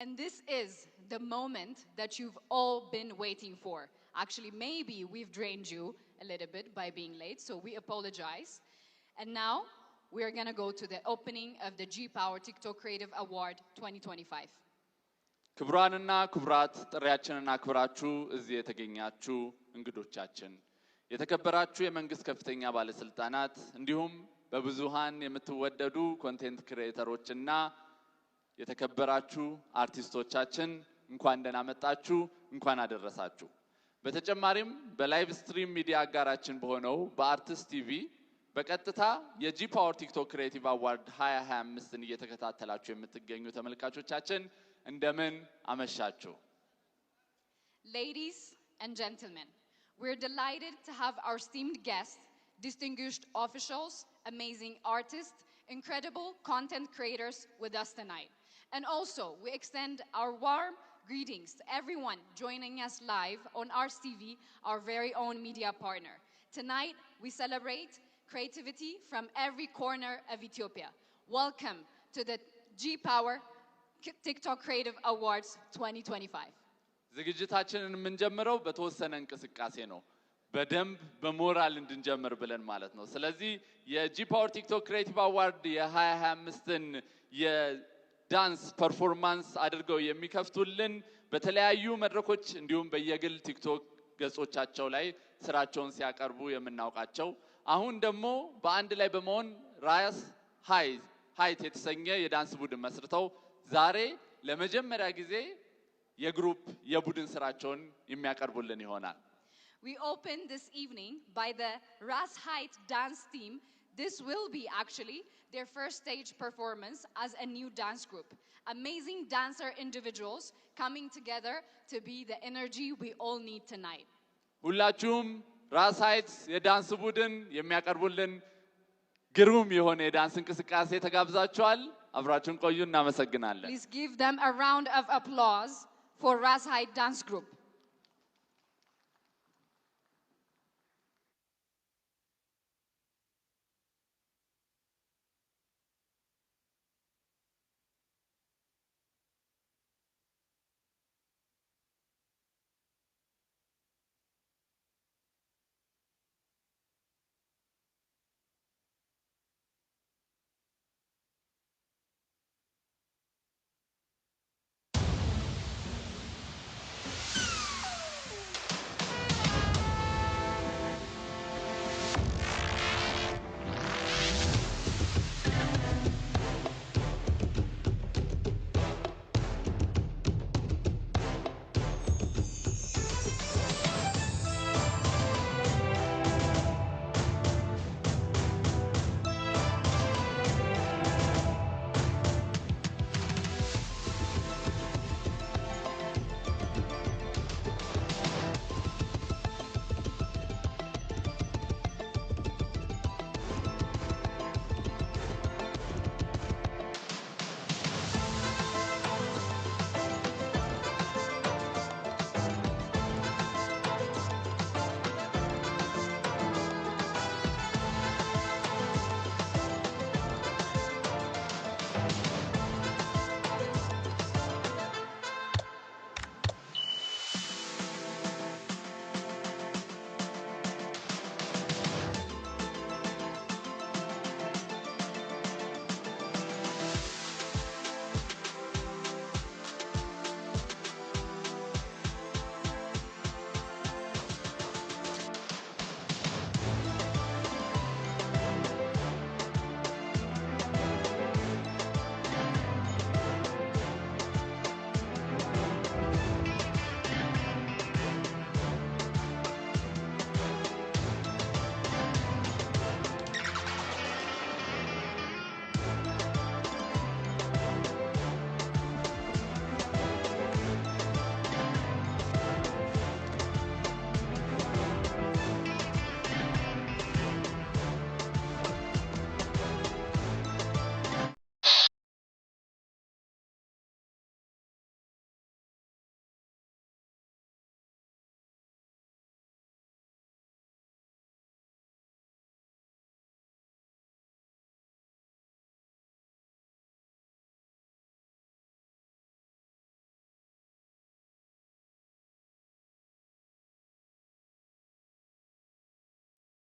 And this is the moment that you've all been waiting for. Actually, maybe we've drained you a little bit by being late, so we apologize. And now we are going to go to the opening of the G Power TikTok Creative Award 2025. ክቡራንና ክቡራት ጥሪያችንና ክብራችሁ እዚህ የተገኛችሁ እንግዶቻችን፣ የተከበራችሁ የመንግስት ከፍተኛ ባለስልጣናት፣ እንዲሁም በብዙሃን የምትወደዱ ኮንቴንት ክሬተሮችና የተከበራችሁ አርቲስቶቻችን እንኳን ደህና መጣችሁ፣ እንኳን አደረሳችሁ። በተጨማሪም በላይቭ ስትሪም ሚዲያ አጋራችን በሆነው በአርቲስት ቲቪ በቀጥታ የጂ ፓወር ቲክቶክ ክሬቲቭ አዋርድ 2025ን እየተከታተላችሁ የምትገኙ ተመልካቾቻችን እንደምን አመሻችሁ። Ladies and gentlemen, we're delighted to have our esteemed guests, distinguished officials, amazing artists, incredible content creators with us tonight. And also, we extend our warm greetings to everyone joining us live on RCV, our very own media partner. Tonight, we celebrate creativity from every corner of Ethiopia. Welcome to the G-Power TikTok Creative Awards 2025. ዝግጅታችንን የምንጀምረው በተወሰነ እንቅስቃሴ ነው። በደንብ በሞራል እንድንጀምር ብለን ማለት ነው። ስለዚህ የጂ ፓወር ቲክቶክ ክሬቲቭ አዋርድ የ2025ን ዳንስ ፐርፎርማንስ አድርገው የሚከፍቱልን በተለያዩ መድረኮች እንዲሁም በየግል ቲክቶክ ገጾቻቸው ላይ ስራቸውን ሲያቀርቡ የምናውቃቸው አሁን ደግሞ በአንድ ላይ በመሆን ራስ ሀይት የተሰኘ የዳንስ ቡድን መስርተው ዛሬ ለመጀመሪያ ጊዜ የግሩፕ የቡድን ስራቸውን የሚያቀርቡልን ይሆናል። We open this evening by the Ras Height dance team This will be actually their first stage performance as a new dance group. Amazing dancer individuals coming together to be the energy we all need tonight. ሁላችሁም ራስ ሀይትስ የዳንስ ቡድን የሚያቀርቡልን ግሩም የሆነ የዳንስ እንቅስቃሴ ተጋብዛችኋል። አብራችሁን ቆዩ። እናመሰግናለን። Please give them a round of applause for Ras Height Dance Group.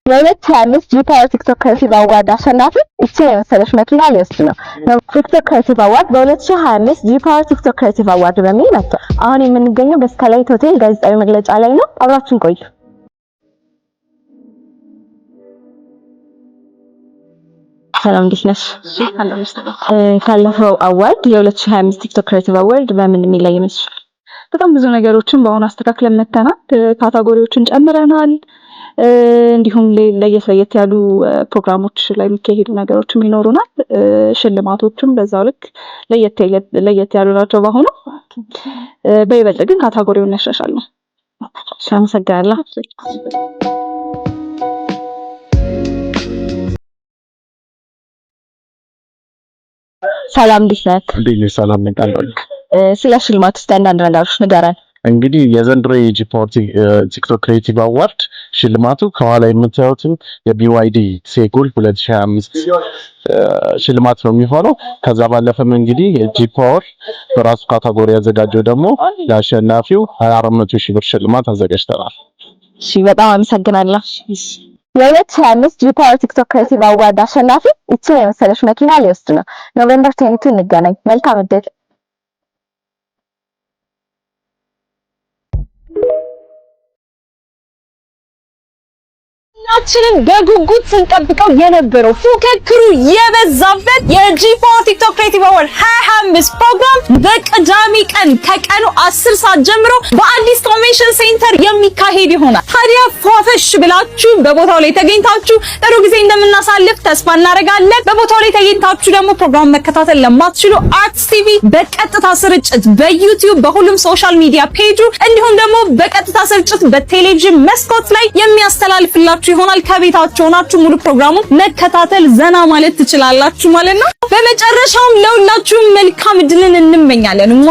የሁለት ሺህ አምስት ጂፓወር ቲክቶክ ክሬቲቭ አዋርድ አሸናፊ እቺ የመሰለች መኪና ሊወስድ ነው። ቲክቶክ ክሬቲቭ አዋርድ በ2025 ጂፓወር ቲክቶክ ክሬቲቭ አዋርድ በሚል መጥቷል። አሁን የምንገኘው በስካይላይት ሆቴል ጋዜጣዊ መግለጫ ላይ ነው። አብራችን ቆዩ። ሰላም እንዴት ነሽ? ካለፈው አዋርድ የ2025 ቲክቶክ ክሬቲቭ አዋርድ በምን የሚለይ ይመስላል? በጣም ብዙ ነገሮችን በአሁኑ አስተካክለን መተናል። ካታጎሪዎችን ጨምረናል። እንዲሁም ለየት ለየት ያሉ ፕሮግራሞች ላይ የሚካሄዱ ነገሮችም ይኖሩናል። ሽልማቶችም በዛው ልክ ለየት ያሉ ናቸው። በአሁኑ በይበልጥ ግን ካታጎሪውን እናሻሻለን። አመሰግናለሁ። ሰላም፣ እንዴት ነህ? ሰላም ነኝ። ስለ ሽልማት እስኪ አንዳንድ ነገሮች ንገረን። እንግዲህ የዘንድሮ ቲክቶክ ክሬቲቭ አዋርድ ሽልማቱ ከኋላ የምታዩት የቢዋይዲ ሴጉል 2025 ሽልማት ነው የሚሆነው። ከዛ ባለፈም እንግዲህ የጂ ፓወር በራሱ ካታጎሪ ያዘጋጀው ደግሞ ለአሸናፊው 400 ሺህ ብር ሽልማት አዘጋጅተናል። እሺ፣ በጣም አመሰግናለሁ። የ2025 ጂ ፓወር ቲክቶክ ክሬቲቭ አዋርድ አሸናፊ እቺ የመሰለች መኪና ሊወስድ ነው። ኖቬምበር ቴንቱ እንገናኝ። መልካም እድል። ሁላችንም በጉጉት ስንጠብቀው የነበረው ፉክክሩ የበዛበት የጂ4 ቲክቶክ ክሬቲቭ አወርድ 25 ፕሮግራም በቅዳሜ ቀን ከቀኑ 10 ሰዓት ጀምሮ በአዲስ ኮንቬንሽን ሴንተር የሚካሄድ ይሆናል። ታዲያ ፏፈሽ ብላችሁ በቦታው ላይ ተገኝታችሁ ጥሩ ጊዜ እንደምናሳልፍ ተስፋ እናደርጋለን። በቦታው ላይ ተገኝታችሁ ደግሞ ፕሮግራም መከታተል ለማትችሉ አርትስ ቲቪ በቀጥታ ስርጭት በዩቲዩብ በሁሉም ሶሻል ሚዲያ ፔጁ እንዲሁም ደግሞ በቀጥታ ስርጭት በቴሌቪዥን መስኮት ላይ የሚያስተላልፍላችሁ ይሆናል። ከቤታቸው ናችሁ ሙሉ ፕሮግራሙን መከታተል ዘና ማለት ትችላላችሁ ማለት ነው። በመጨረሻውም ለሁላችሁም መልካም እድልን እንመኛለን።